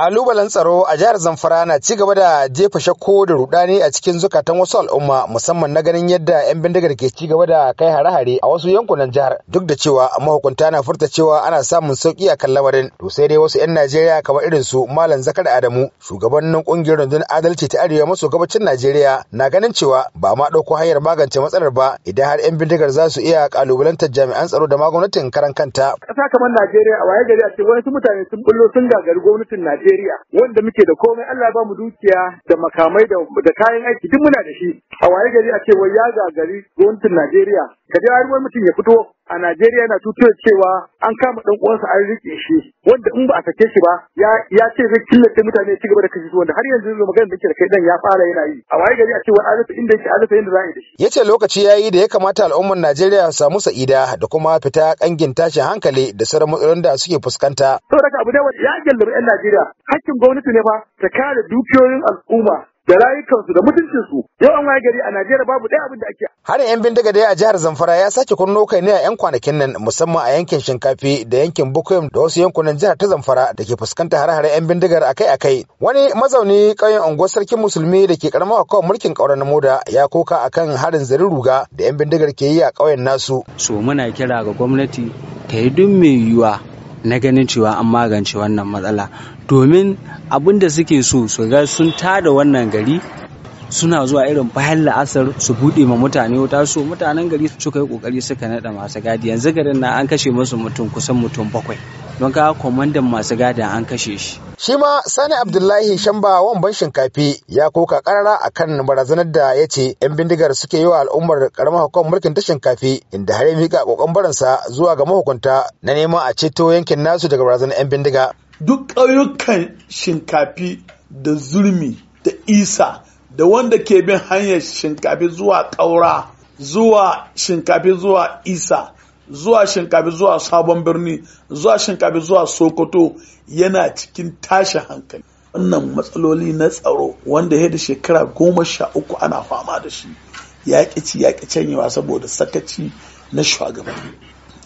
kalubalen tsaro a jihar zamfara na ci gaba da jefa shakko da rudani a cikin zukatan wasu al'umma musamman na ganin yadda 'yan bindigar ke ci gaba da kai hare-hare a wasu yankunan jihar duk da cewa mahukunta na furta cewa ana samun sauki a kan lamarin to sai dai wasu 'yan najeriya kamar irin su malam zakar adamu shugabannin kungiyar rundunar adalci ta arewa maso gabacin najeriya na ganin cewa ba ma dauko hanyar magance matsalar ba idan har 'yan bindigar za su iya kalubalantar jami'an tsaro da magwamnatin karan kanta. ƙasa kamar najeriya a waye gari a ce wani mutane sun bullo sun gagari gwamnatin najeriya Najeriya wanda muke da komai Allah ba mu dukiya da makamai da kayan aiki duk muna da shi a waye gari a ce wai ya gagari gwamnatin Najeriya ka je har wani mutum ya fito a Najeriya yana da cewa an kama ɗan uwansa an rike shi wanda in ba a sake shi ba ya ce zai killace mutane ci gaba da kashe wanda har yanzu zai magana da ke da kai dan ya fara yana yi a waye gari a cewa alifa inda yake alifa inda za a yi da shi ce lokaci ya yi da ya kamata al'ummar Najeriya su samu sa'ida da kuma fita ƙangin tashin hankali da sauran matsalolin da suke fuskanta saboda abu ne ya gyallabi 'yan Najeriya hakkin gwamnati ne fa ta kare dukiyoyin al'umma da rayukansu da mutuncinsu yau an waye gari a Najeriya babu ɗaya abin da ake. Har yan bindiga dai a jihar Zamfara ya sake kunno kai ne a yan kwanakin nan musamman a yankin Shinkafi da yankin Bukoyim da wasu yankunan jihar ta Zamfara da ke fuskantar har-hare yan bindigar akai-akai. Wani mazauni ƙauyen unguwar sarkin musulmi da ke karamar kawai mulkin na Moda ya koka akan harin zarin ruga da yan bindigar ke yi a ƙauyen nasu. So muna kira ga gwamnati ta yi duk mai yiwuwa na ganin cewa an magance wannan matsala domin abin da suke so su ga sun tada wannan gari suna zuwa irin bayan la'asar su buɗe ma mutane wuta so mutanen gari su yi kokari suka naɗa masu gadi yanzu garin na an kashe musu mutum kusan mutum bakwai don ga kwamandan masu gada an kashe shi shi ma sani abdullahi shamba ban shinkafi ya koka karara kan barazanar da ya ce yan bindigar suke yi wa al'ummar karamar hukumar mulkin ta shinkafi inda har ya mika kokon baransa zuwa ga mahukunta na neman a ceto yankin nasu daga barazanar yan bindiga duk ƙauyukan shinkafi da zulmi da isa da wanda ke bin hanyar shinkafi zuwa ƙaura zuwa shinkafi zuwa isa zuwa shinkafi zuwa sabon birni zuwa shinkafi zuwa sokoto yana cikin tashin hankali wannan matsaloli na tsaro wanda ya da shekara goma sha uku ana fama da shi yaƙi ci yaƙi canyewa saboda sakaci na shugabanni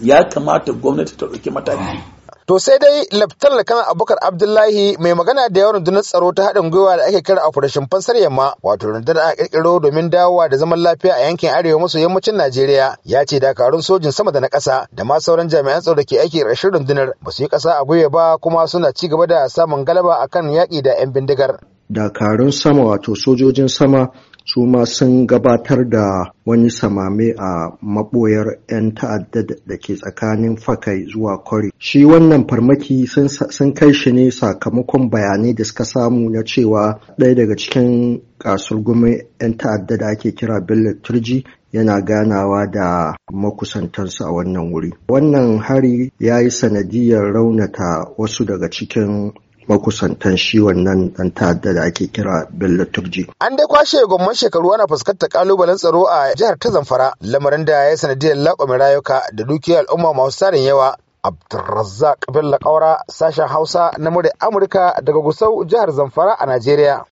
ya kamata gwamnati ta ɗauki mataki To sai dai Laftar kan Abubakar Abdullahi mai magana da yawan rundunar tsaro ta haɗin gwiwa da ake kira a Operation Fansar Yamma wato rundunar a ƙirƙiro domin dawowa da zaman lafiya a yankin arewa maso yammacin Najeriya ya ce dakarun sojin sama da na ƙasa da ma sauran jami'an tsaro da ke aiki ƙarshen rundunar ba su yi ƙasa a gwiwa ba kuma suna ci gaba da samun galaba akan yaƙi da 'yan bindigar. Dakarun sama wato sojojin sama su ma sun gabatar da wani samame a maboyar 'yan ta'adda da ke tsakanin fakai zuwa kwari shi wannan farmaki sun kai shi ne sakamakon bayanai da suka samu na cewa ɗaya daga cikin gumi 'yan ta'adda da ake kira bello turji yana ganawa da makusantarsa a wannan wuri. Wannan hari ya yi sanadiyar raunata wasu daga cikin makusantan shi wannan dan ta'adda da ake kira Bello Turji. An dai kwashe gwamman shekaru ana fuskantar kalubalen tsaro a jihar ta Zamfara lamarin da ya sanadiyar laƙwame rayuka da dukiyar al'umma masu tarin yawa. Abdulrazzaq Bello Kaura sashen Hausa na Amurka daga Gusau jihar Zamfara a Najeriya.